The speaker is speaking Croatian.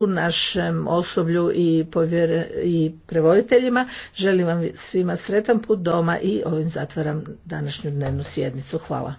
u našem osoblju i, povjere, i prevoditeljima. Želim vam svima sretan put doma i ovim zatvaram današnju dnevnu sjednicu. Hvala.